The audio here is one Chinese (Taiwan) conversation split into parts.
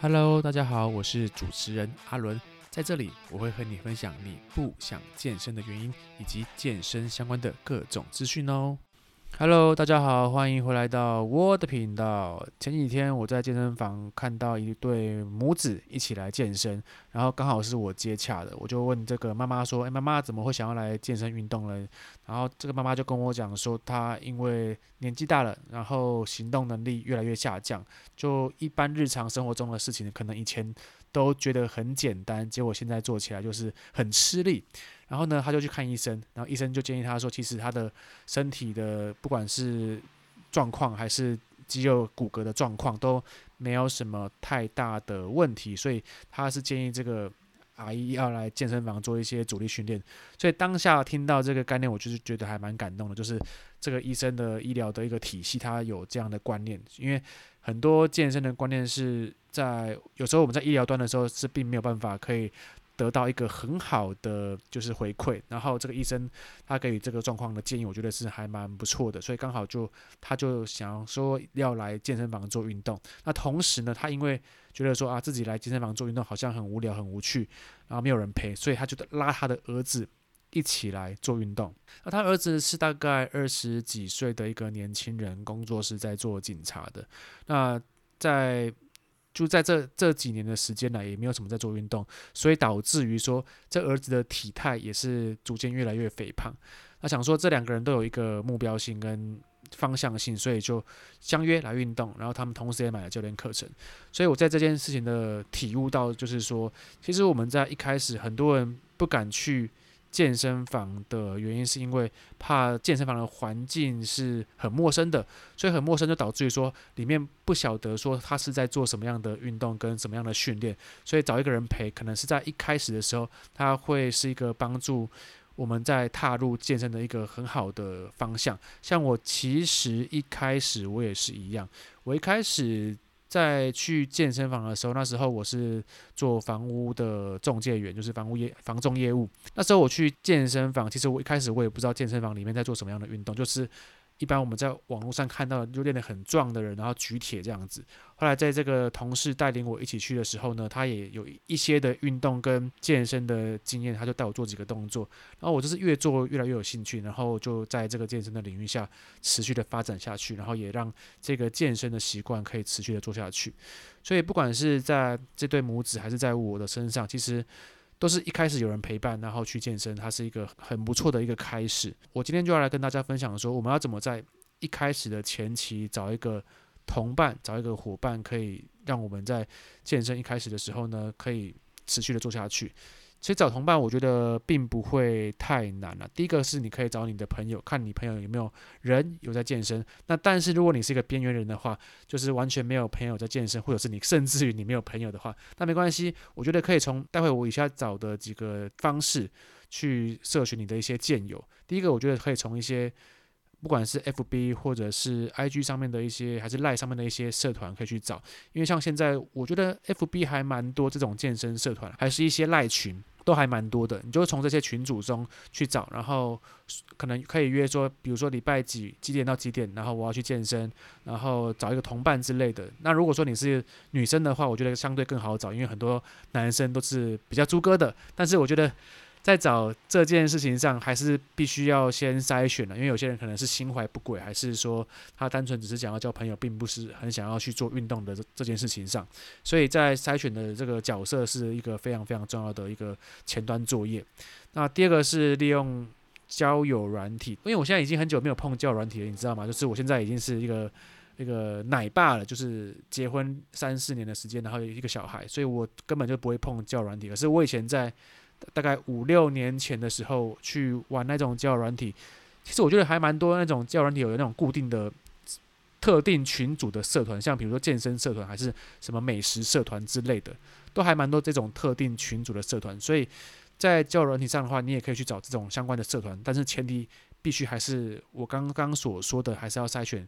Hello，大家好，我是主持人阿倫。在這裡我會和你分享你不想健身的原因，以及健身相關的各種資訊哦。Hello，大家好，歡迎回來到我的頻道。前幾天我在健身房看到一對母子一起來健身，然後剛好是我接洽的，我就問這個媽媽說：“欸，媽媽怎麼會想要來健身運動呢？”然後這個媽媽就跟我講說，她因為年紀大了，然後行動能力越來越下降，就一般日常生活中的事情，可能以前都覺得很簡單，結果現在做起來就是很吃力。然後呢，他就去看醫生，然後醫生就建議他說，其實他的身體的不管是狀況還是肌肉骨骼的狀況都沒有什麼太大的問題，所以他是建議這個阿姨要來健身房做一些阻力訓練。所以當下聽到這個概念，我就是覺得還蠻感動的，就是這個醫生的醫療的一個體系，他有這樣的觀念，因為很多健身的觀念是在有時候我們在醫療端的時候是並沒有辦法可以。得到一個很好的就是回饋，然後這個醫生他給予這個狀況的建議，我覺得是還蠻不錯的。所以剛好就他就想說要來健身房做運動。那同時呢，他因為覺得說啊自己來健身房做運動好像很無聊很無趣，然後沒有人陪，所以他就拉他的兒子一起來做運動。那他兒子是大概二十幾歲的一個年輕人，工作是在做警察的。那在就在這這幾年的時間呢，也沒有什麼在做運動，所以導致於說這兒子的體態也是逐漸越來越肥胖。那想說這兩個人都有一個目標性跟方向性，所以就相約來運動，然後他們同時也買了教練課程。所以我在這件事情的體悟到，就是說其實我們在一開始很多人不敢去。健身房的原因是因為怕健身房的環境是很陌生的，所以很陌生就導致於說裡面不曉得說他是在做什麼樣的運動跟什麼樣的訓練，所以找一個人陪，可能是在一開始的時候他會是一個幫助我們在踏入健身的一個很好的方向。像我其實一開始我也是一樣，我一開始。在去健身房的時候，那時候我是做房屋的仲介員，就是房屋業房仲業務。那時候我去健身房，其實我一開始我也不知道健身房裡面在做什麼樣的運動，就是。一般我們在網絡上看到就練得很壯的人，然後舉鐵這樣子。後來在這個同事帶領我一起去的時候呢，他也有一些的運動跟健身的經驗，他就帶我做幾個動作。然後我就是越做越來越有興趣，然後就在這個健身的領域下持續的發展下去，然後也讓這個健身的習慣可以持續的做下去。所以不管是在這對母子還是在我的身上，其實。都是一開始有人陪伴，然後去健身，它是一個很不錯的一個開始。我今天就要來跟大家分享說，我們要怎麼在一開始的前期找一個同伴，找一個夥伴，可以讓我們在健身一開始的時候呢，可以持續的做下去。其實找同伴，我覺得並不會太難了啊。第一個是你可以找你的朋友，看你朋友有沒有人有在健身。那但是如果你是一個邊緣人的話，就是完全沒有朋友在健身，或者是你甚至於你沒有朋友的話，那沒關係。我覺得可以從待會我以下找的幾個方式去攝取你的一些健友。第一個，我覺得可以從一些。不管是 FB 或者是 IG 上面的一些，還是賴上面的一些社團，可以去找，因為像現在我覺得 FB 還蠻多這種健身社團，還是一些賴群都還蠻多的，你就從這些群組中去找，然後可能可以約說，比如說禮拜幾幾點到幾點，然後我要去健身，然後找一個同伴之類的。那如果說你是女生的話，我覺得相對更好找，因為很多男生都是比較豬哥的，但是我覺得。在找這件事情上，還是必須要先篩選了。因為有些人可能是心懷不軌，還是說他單純只是想要交朋友，並不是很想要去做運動的這件事情上。所以，在篩選的這個角色是一個非常非常重要的一個前端作業。那第二個是利用交友軟體，因為我現在已經很久沒有碰交友軟體了，你知道嗎？就是我現在已經是一個一個奶爸了，就是結婚三四年的時間，然後有一個小孩，所以我根本就不會碰交友軟體。可是我以前在大概五六年前的時候去玩那種交友軟體，其實我覺得還蠻多那種交友軟體有那種固定的特定群組的社團，像比如說健身社團還是什麼美食社團之類的，都還蠻多這種特定群組的社團。所以在交友軟體上的話，你也可以去找這種相關的社團，但是前提必須還是我剛剛所說的，還是要篩選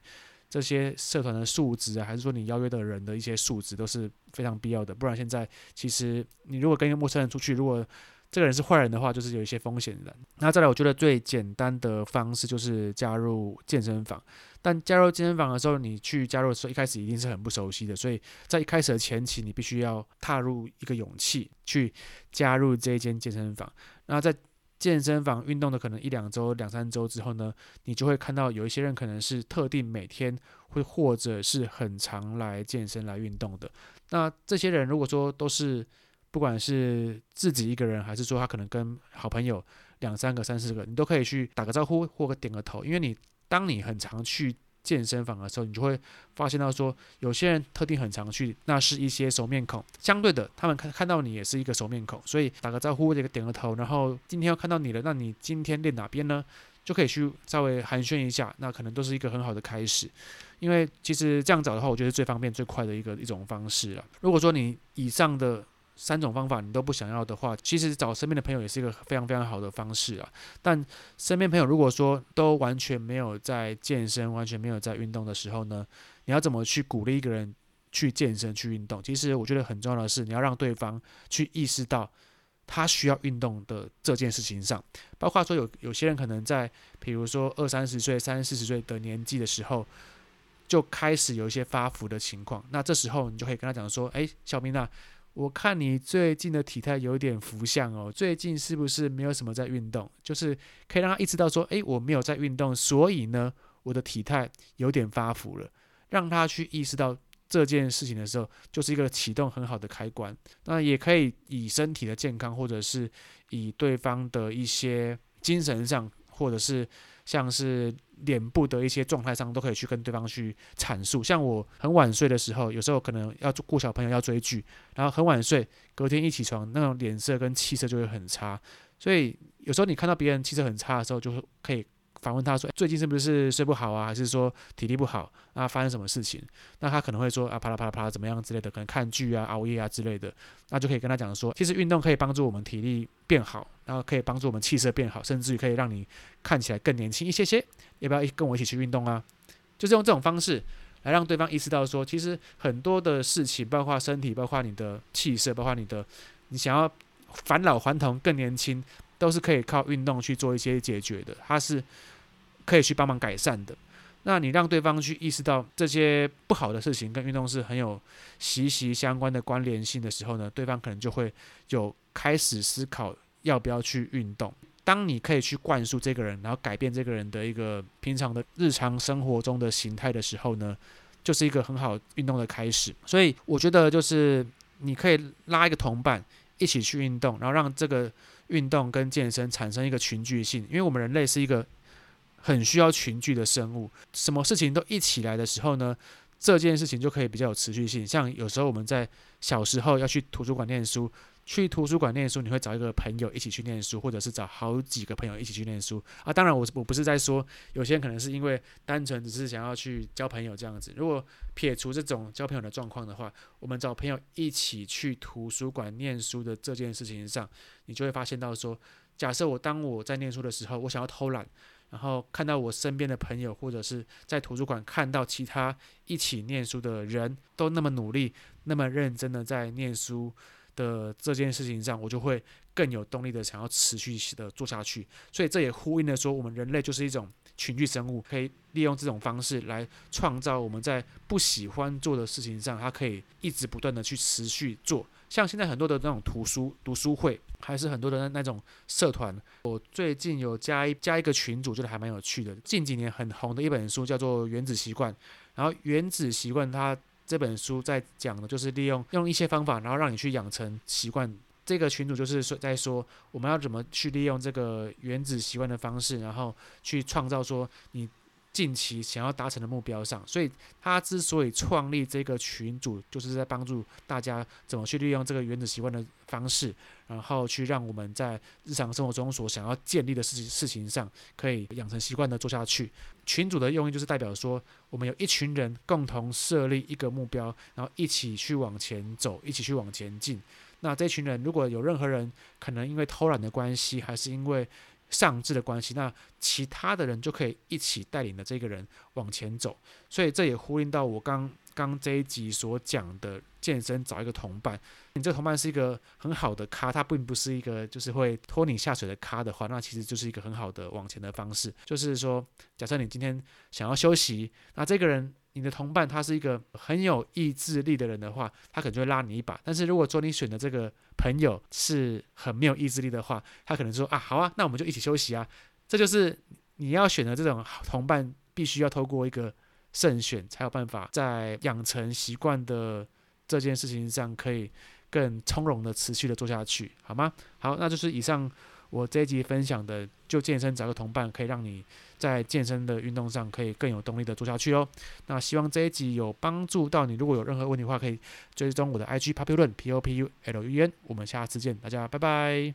這些社團的素質啊，還是說你邀約的人的一些素質都是非常必要的。不然現在其實你如果跟一個陌生人出去，如果這個人是壞人的話，就是有一些風險的。那再來，我覺得最簡單的方式就是加入健身房。但加入健身房的時候，你去加入的時候，一開始一定是很不熟悉的，所以在一開始的前期，你必須要踏入一個勇氣去加入這一間健身房。那在健身房運動的可能一兩周、兩三周之後呢，你就會看到有一些人可能是特定每天會或者是很常來健身來運動的。那這些人如果說都是。不管是自己一個人，還是說他可能跟好朋友兩三個、三四個，你都可以去打個招呼或點個頭。因為你當你很常去健身房的時候，你就會發現到說，有些人特定很常去，那是一些熟面孔。相對的，他們看看到你也是一個熟面孔，所以打個招呼或者點個頭，然後今天又看到你了，那你今天練哪邊呢？就可以去稍微寒暄一下，那可能都是一個很好的開始。因為其實這樣找的話，我覺得是最方便最快的一個一種方式了。如果說你以上的。三種方法你都不想要的話，其實找身邊的朋友也是一個非常非常好的方式啊。但身邊朋友如果說都完全沒有在健身、完全沒有在運動的時候呢，你要怎麼去鼓勵一個人去健身、去運動？其實我覺得很重要的是，你要讓對方去意識到他需要運動的這件事情上。包括說有有些人可能在，比如說二三十歲、三四十歲的年紀的時候，就開始有一些發福的情況。那這時候你就可以跟他講說：“誒，小明吶。”我看你最近的體態有點浮相哦，最近是不是沒有什麼在運動？就是可以讓他意識到說，誒，我沒有在運動，所以呢，我的體態有點發福了。讓他去意識到這件事情的時候，就是一個啟動很好的開關。那也可以以身體的健康，或者是以對方的一些精神上，或者是。像是臉部的一些狀態上，都可以去跟對方去闡述。像我很晚睡的時候，有時候可能要顧小朋友，要追劇，然後很晚睡，隔天一起床，那種臉色跟氣色就會很差。所以有時候你看到別人氣色很差的時候，就會可以。反問他說：“最近是不是睡不好啊？還是說體力不好？啊？發生什麼事情？那他可能會說啊，啪啦啪啦啪啦，怎麼樣之類的。可能看劇啊、熬夜啊之類的。那就可以跟他講說，其實運動可以幫助我們體力變好，然後可以幫助我們氣色變好，甚至於可以讓你看起來更年輕一些些。要不要跟我一起去運動啊？就是用這種方式來讓對方意識到說，其實很多的事情，包括身體，包括你的氣色，包括你的，你想要返老還童、更年輕。”都是可以靠運動去做一些解決的，它是可以去幫忙改善的。那你讓對方去意識到這些不好的事情跟運動是很有息息相關的關聯性的時候呢，對方可能就會有開始思考要不要去運動。當你可以去灌輸這個人，然後改變這個人的一個平常的日常生活中的形態的時候呢，就是一個很好運動的開始。所以我覺得就是你可以拉一個同伴一起去運動，然後讓這個。運動跟健身產生一個群聚性，因為我們人類是一個很需要群聚的生物，什麼事情都一起來的時候呢，這件事情就可以比較有持續性。像有時候我們在小時候要去圖書館念書。去圖書館念書，你會找一個朋友一起去念書，或者是找好幾個朋友一起去念書啊。當然我，我我不是在說有些人可能是因為單純只是想要去交朋友這樣子。如果撇除這種交朋友的狀況的話，我們找朋友一起去圖書館念書的這件事情上，你就會發現到說，假設我當我在念書的時候，我想要偷懶，然後看到我身邊的朋友或者是在圖書館看到其他一起念書的人都那麼努力、那麼認真的在念書。的這件事情上，我就會更有動力的想要持續的做下去。所以這也呼應了說，我們人類就是一種群居生物，可以利用這種方式來創造我們在不喜歡做的事情上，它可以一直不斷的去持續做。像現在很多的那種圖書讀書會，還是很多的那種社團。我最近有加一加一個群組，就是還蠻有趣的。近幾年很紅的一本書叫做《原子習慣》，然後《原子習慣》它。這本書在講的就是利用用一些方法，然後讓你去養成習慣。這個群主就是說在說，我們要怎麼去利用這個原子習慣的方式，然後去創造說你。近期想要達成的目標上，所以他之所以創立這個群組，就是在幫助大家怎麼去利用這個原子習慣的方式，然後去讓我們在日常生活中所想要建立的事情事情上，可以養成習慣的做下去。群組的用意就是代表說，我們有一群人共同設立一個目標，然後一起去往前走，一起去往前進。那這群人如果有任何人可能因為偷懶的關係，還是因為上志的關係，那其他的人就可以一起帶領着這個人往前走，所以這也呼應到我剛剛這一集所講的健身找一個同伴。你這個同伴是一個很好的咖，他並不是一個就是會拖你下水的咖的話，那其實就是一個很好的往前的方式，就是說，假設你今天想要休息，那這個人。你的同伴他是一個很有意志力的人的話，他可能就會拉你一把。但是如果說你選的這個朋友是很沒有意志力的話，他可能說啊，好啊，那我們就一起休息啊。這就是你要選的這種同伴，必須要透過一個慎選，才有辦法在養成習慣的這件事情上，可以更從容的持續的做下去，好嗎？好，那就是以上，我這一集分享的，就健身找個同伴，可以讓你在健身的運動上，可以更有動力的做下去哦。那希望這一集有幫助到你，如果有任何問題的話，可以追蹤我的 IG, IG popularn p o p u l u n。我們下次見，大家拜拜。